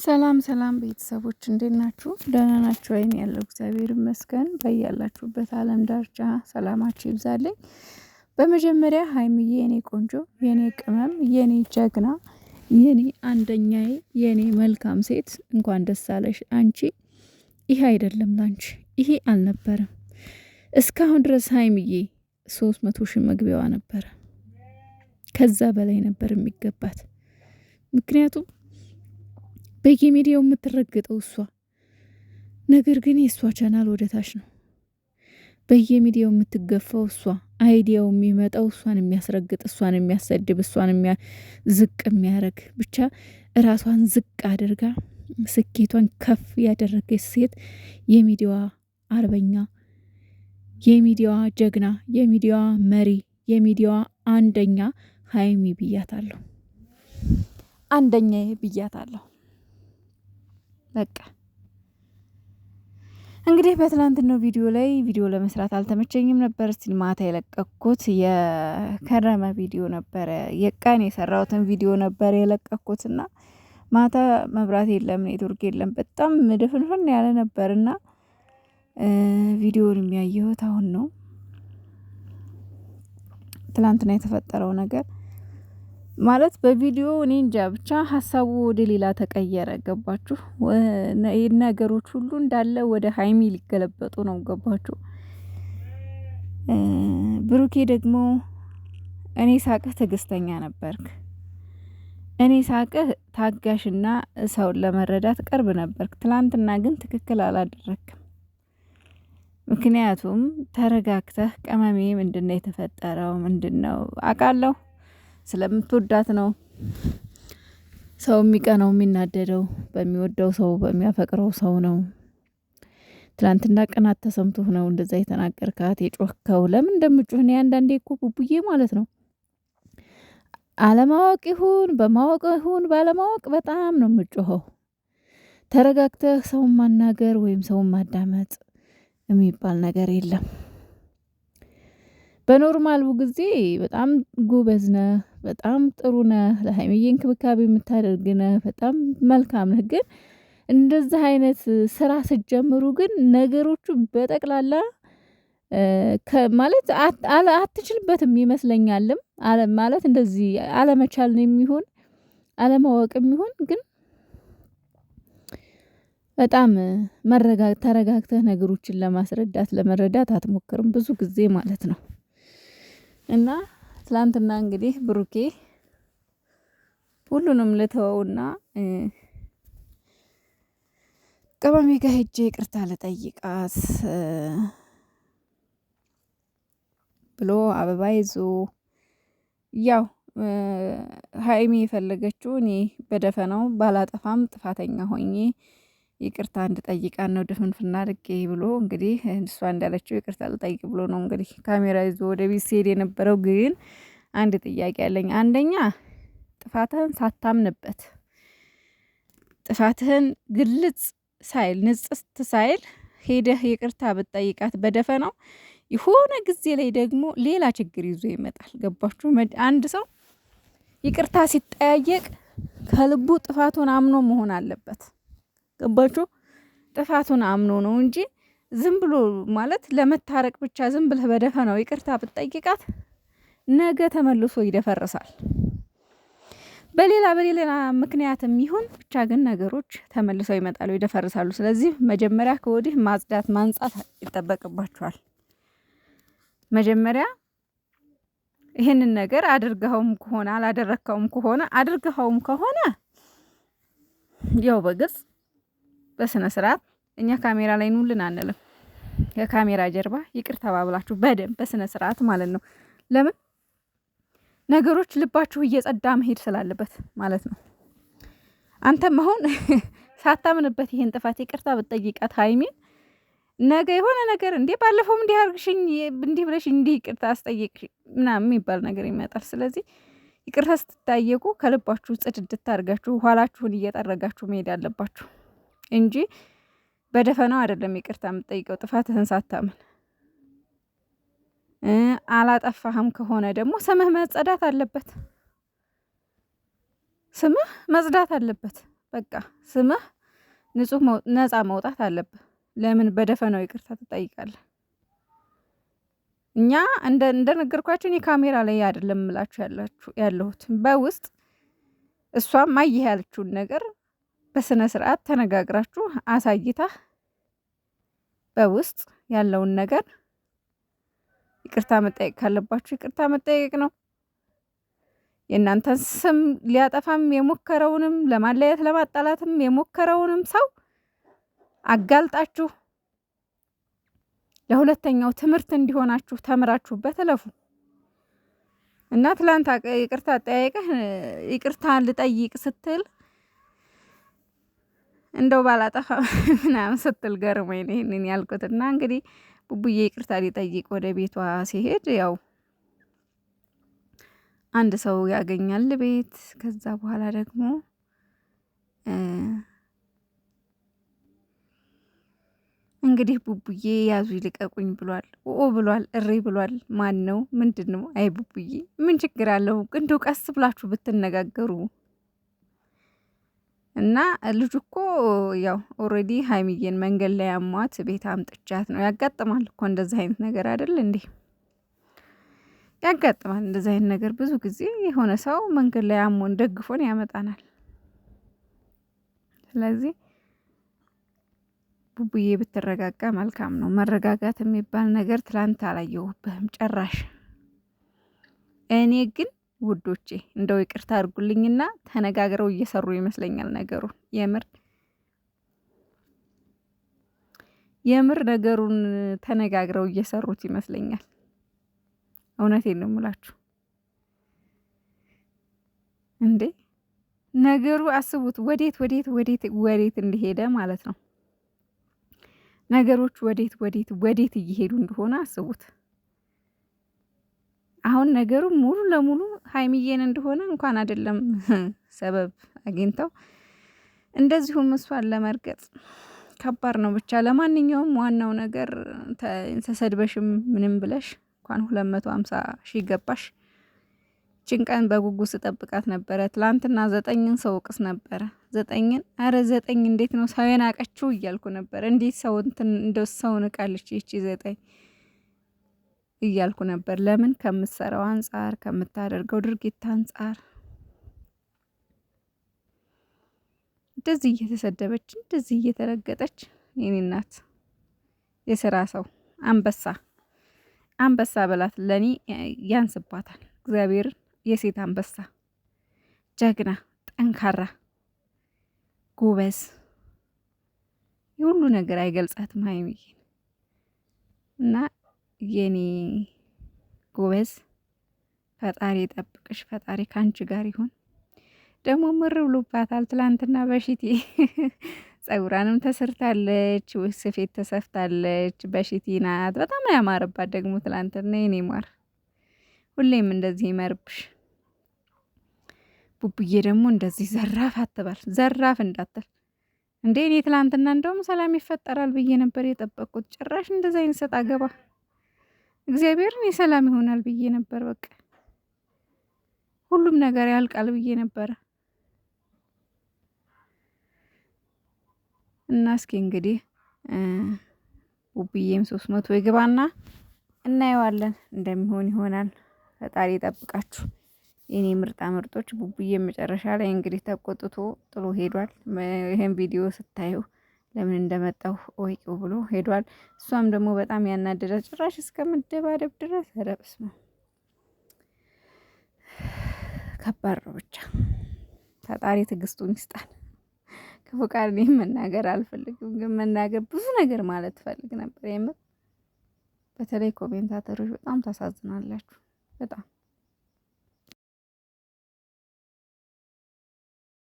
ሰላም ሰላም ቤተሰቦች እንዴት ናችሁ? ደህና ናችሁ? ወይን ያለው እግዚአብሔር ይመስገን። በያላችሁበት ዓለም ዳርቻ ሰላማችሁ ይብዛልኝ። በመጀመሪያ ሀይምዬ የኔ ቆንጆ፣ የኔ ቅመም፣ የኔ ጀግና፣ የኔ አንደኛዬ፣ የኔ መልካም ሴት እንኳን ደስ አለሽ። አንቺ ይሄ አይደለም ላንቺ ይሄ አልነበረም። እስካሁን ድረስ ሀይምዬ ሶስት መቶ ሺህ መግቢያዋ ነበረ። ከዛ በላይ ነበር የሚገባት ምክንያቱም በየሚዲያው የምትረግጠው እሷ። ነገር ግን የእሷ ቻናል ወደታች ነው። በየሚዲያው የምትገፋው እሷ፣ አይዲያው የሚመጣው እሷን የሚያስረግጥ፣ እሷን የሚያሰድብ፣ እሷን ዝቅ የሚያደርግ ብቻ እራሷን ዝቅ አድርጋ ስኬቷን ከፍ ያደረገች ሴት የሚዲያዋ አርበኛ፣ የሚዲያዋ ጀግና፣ የሚዲያዋ መሪ፣ የሚዲያዋ አንደኛ ሀይሚ ብያታለሁ። አንደኛዬ ብያታለሁ። በቃ እንግዲህ በትላንትናው ቪዲዮ ላይ ቪዲዮ ለመስራት አልተመቸኝም ነበር። ስቲል ማታ የለቀኩት የከረመ ቪዲዮ ነበረ። የቀን የሰራሁትን ቪዲዮ ነበር የለቀኩት እና ማታ መብራት የለም ኔትወርክ የለም በጣም ድፍንፍን ያለ ነበር እና ቪዲዮን የሚያየሁት አሁን ነው። ትላንትና የተፈጠረው ነገር ማለት በቪዲዮ እኔ እንጃ ብቻ ሀሳቡ ወደ ሌላ ተቀየረ። ገባችሁ? ነገሮች ሁሉ እንዳለ ወደ ሀይሚ ሊገለበጡ ነው። ገባችሁ? ብሩኬ ደግሞ እኔ ሳቅህ ትዕግስተኛ ነበርክ፣ እኔ ሳቅህ ታጋሽና ሰውን ለመረዳት ቅርብ ነበርክ። ትላንትና ግን ትክክል አላደረክም። ምክንያቱም ተረጋግተህ ቀመሜ ምንድነው የተፈጠረው? ምንድን ነው አውቃለሁ ስለምትወዳት ነው። ሰው የሚቀነው የሚናደደው በሚወደው ሰው በሚያፈቅረው ሰው ነው። ትላንትና ቅናት ተሰምቶህ ነው እንደዛ የተናገርካት የጮህከው። ለምን እንደምጮህ እኔ አንዳንዴ እኮ ቡቡዬ ማለት ነው አለማወቅ ይሁን በማወቅ ይሁን ባለማወቅ በጣም ነው የምጮኸው። ተረጋግተህ ሰውን ማናገር ወይም ሰውን ማዳመጥ የሚባል ነገር የለም። በኖርማሉ ጊዜ በጣም ጎበዝ ነህ በጣም ጥሩ ነህ ለሃይሚዬ እንክብካቤ የምታደርግ ነህ በጣም መልካም ነህ። ግን እንደዚህ አይነት ስራ ስትጀምሩ ግን ነገሮቹ በጠቅላላ ማለት አትችልበትም ይመስለኛልም ማለት እንደዚህ አለመቻል ነው የሚሆን አለማወቅ የሚሆን ግን በጣም መረጋግ ተረጋግተህ ነገሮችን ለማስረዳት ለመረዳት አትሞክርም ብዙ ጊዜ ማለት ነው እና ትላንትና እንግዲህ ብሩኬ ሁሉንም ልተወውና ቅመሜ ጋር ሄጄ ይቅርታ ልጠይቃት ብሎ አበባ ይዞ ያው ሀይሚ የፈለገችው እኔ በደፈነው ባላጠፋም ጥፋተኛ ሆኜ ይቅርታ እንድጠይቃን ነው ድፍንፍና አድርጌ ብሎ እንግዲህ እሷ እንዳለችው ይቅርታ ልጠይቅ ብሎ ነው እንግዲህ ካሜራ ይዞ ወደ ቤት ሲሄድ የነበረው። ግን አንድ ጥያቄ አለኝ። አንደኛ ጥፋትህን ሳታምንበት ጥፋትህን ግልጽ ሳይል ንጽስት ሳይል ሄደህ ይቅርታ ብትጠይቃት በደፈናው የሆነ ጊዜ ላይ ደግሞ ሌላ ችግር ይዞ ይመጣል። ገባችሁ? አንድ ሰው ይቅርታ ሲጠያየቅ ከልቡ ጥፋቱን አምኖ መሆን አለበት። ገባችሁ? ጥፋቱን አምኖ ነው እንጂ ዝም ብሎ ማለት ለመታረቅ ብቻ ዝም ብለህ በደፈናው ይቅርታ ብትጠይቃት ነገ ተመልሶ ይደፈርሳል። በሌላ በሌላ ምክንያትም ይሁን ብቻ ግን ነገሮች ተመልሰው ይመጣሉ፣ ይደፈርሳሉ። ስለዚህ መጀመሪያ ከወዲህ ማጽዳት ማንጻት ይጠበቅባቸዋል። መጀመሪያ ይህንን ነገር አድርገኸውም ከሆነ አላደረግከውም ከሆነ አድርገኸውም ከሆነ ያው በግልጽ በስነ ስርዓት እኛ ካሜራ ላይ ኑልን አንልም። ከካሜራ ጀርባ ይቅር ተባብላችሁ በደንብ በስነ ስርዓት ማለት ነው። ለምን ነገሮች ልባችሁ እየጸዳ መሄድ ስላለበት ማለት ነው። አንተም አሁን ሳታምንበት ይሄን ጥፋት ይቅርታ ብትጠይቃት ሀይሚን ነገ የሆነ ነገር እንዴ ባለፈውም እንዲህ አርግሽኝ እንዲህ ብለሽ እንዲህ ይቅርታ አስጠይቅ ምናምን የሚባል ነገር ይመጣል። ስለዚህ ይቅርታ ስትታየቁ ከልባችሁ ጽድ እንድታርጋችሁ ኋላችሁን እየጠረጋችሁ መሄድ አለባችሁ። እንጂ በደፈናው አይደለም ይቅርታ የምጠይቀው። ጥፋትህን ሳታምን አላጠፋህም ከሆነ ደግሞ ስምህ መጸዳት አለበት። ስምህ መጽዳት አለበት። በቃ ስምህ ንጹህ ነፃ መውጣት አለብህ። ለምን በደፈናው ይቅርታ ትጠይቃለህ? እኛ እንደነገርኳችሁን የካሜራ ላይ አይደለም እምላችሁ ያለሁት በውስጥ እሷም አየህ ያለችውን ነገር በስነ ስርዓት ተነጋግራችሁ አሳይታ በውስጥ ያለውን ነገር ይቅርታ መጠየቅ ካለባችሁ ይቅርታ መጠየቅ ነው። የእናንተን ስም ሊያጠፋም የሞከረውንም ለማለየት ለማጣላትም የሞከረውንም ሰው አጋልጣችሁ ለሁለተኛው ትምህርት እንዲሆናችሁ ተምራችሁበት እለፉ እና ትላንት ይቅርታ ጠያይቀህ ይቅርታ ልጠይቅ ስትል እንደው ባላጠፋ ምናምን ስትል ገርሞኝ ነው ይህንን ያልኩትና እንግዲህ ቡቡዬ ይቅርታ ሊጠይቅ ወደ ቤቷ ሲሄድ ያው አንድ ሰው ያገኛል ቤት። ከዛ በኋላ ደግሞ እንግዲህ ቡቡዬ ያዙ ይልቀቁኝ ብሏል፣ ኦ ብሏል፣ እሪ ብሏል። ማን ነው ምንድን ነው? አይ ቡቡዬ ምን ችግር አለው? እንደው ቀስ ብላችሁ ብትነጋገሩ እና ልጁ እኮ ያው ኦልሬዲ ሀይሚዬን መንገድ ላይ አሟት ቤት አምጥቻት ነው። ያጋጥማል እኮ እንደዚህ አይነት ነገር አይደል እንዴ? ያጋጥማል እንደዚህ አይነት ነገር ብዙ ጊዜ የሆነ ሰው መንገድ ላይ አሞን ደግፎን ያመጣናል። ስለዚህ ቡቡዬ ብትረጋጋ መልካም ነው። መረጋጋት የሚባል ነገር ትላንት አላየሁብህም ጨራሽ። እኔ ግን ውዶቼ እንደው ይቅርታ አድርጉልኝና ተነጋግረው እየሰሩ ይመስለኛል ነገሩን የምር የምር ነገሩን ተነጋግረው እየሰሩት ይመስለኛል። እውነቴን ነው የምላችሁ። እንዴ ነገሩ አስቡት፣ ወዴት ወዴት ወዴት ወዴት እንደሄደ ማለት ነው። ነገሮች ወዴት ወዴት ወዴት እየሄዱ እንደሆነ አስቡት። አሁን ነገሩ ሙሉ ለሙሉ ሀይሚዬን እንደሆነ እንኳን አይደለም ሰበብ አግኝተው እንደዚሁም እሷን ለመርገጥ ከባድ ነው። ብቻ ለማንኛውም ዋናው ነገር ተሰድበሽም ምንም ብለሽ እንኳን ሁለት መቶ ሀምሳ ሺህ ገባሽ። ይችን ቀን በጉጉት ስጠብቃት ነበረ። ትላንትና ዘጠኝን ሰው እውቅስ ነበረ ዘጠኝን አረ ዘጠኝ እንዴት ነው ሰው የናቀችው እያልኩ ነበረ። እንዴት ሰው እንደ ሰውን እቃለች ይቺ ዘጠኝ እያልኩ ነበር። ለምን ከምትሰራው አንጻር ከምታደርገው ድርጊት አንጻር እንደዚህ እየተሰደበች እንደዚህ እየተረገጠች የኔ እናት የስራ ሰው አንበሳ አንበሳ በላት ለኔ ያንስባታል። እግዚአብሔር የሴት አንበሳ ጀግና፣ ጠንካራ፣ ጎበዝ የሁሉ ነገር አይገልጻትም ሀይሚዬን እና የኔ ጎበዝ ፈጣሪ የጠብቅሽ፣ ፈጣሪ ከአንቺ ጋር ይሁን። ደግሞ ምር ብሎባታል። ትላንትና በሽቴ ጸጉራንም ተሰርታለች፣ ስፌት ተሰፍታለች። በሽቴ ናት። በጣም ያማረባት ደግሞ ትላንትና። የኔ ማር ሁሌም እንደዚህ ይመርብሽ። ቡቡዬ ደግሞ እንደዚህ ዘራፍ አትበል፣ ዘራፍ እንዳትል እንዴ። እኔ ትላንትና እንደውም ሰላም ይፈጠራል ብዬ ነበር የጠበቅኩት። ጭራሽ እንደዚ አይነት ሰጥ አገባ እግዚአብሔርን የሰላም ይሆናል ብዬ ነበር። በቃ ሁሉም ነገር ያልቃል ብዬ ነበረ። እና እስኪ እንግዲህ ቡብዬም ሶስት መቶ ይግባና እናየዋለን እንደሚሆን ይሆናል። ፈጣሪ ይጠብቃችሁ የኔ ምርጣ ምርጦች። ቡብዬም መጨረሻ ላይ እንግዲህ ተቆጥቶ ጥሎ ሄዷል። ይህን ቪዲዮ ስታዩ ለምን እንደመጣሁ ወይው ብሎ ሄዷል። እሷም ደግሞ በጣም ያናደደ ጭራሽ እስከ እስከምደባደብ ድረስ ረብስ ነው። ከባድ ነው ብቻ ፈጣሪ ትዕግስቱን ይስጣል። ክፉ ቃል እኔ መናገር አልፈልግም፣ ግን መናገር ብዙ ነገር ማለት ፈልግ ነበር። የምር በተለይ ኮሜንታተሮች በጣም ታሳዝናላችሁ በጣም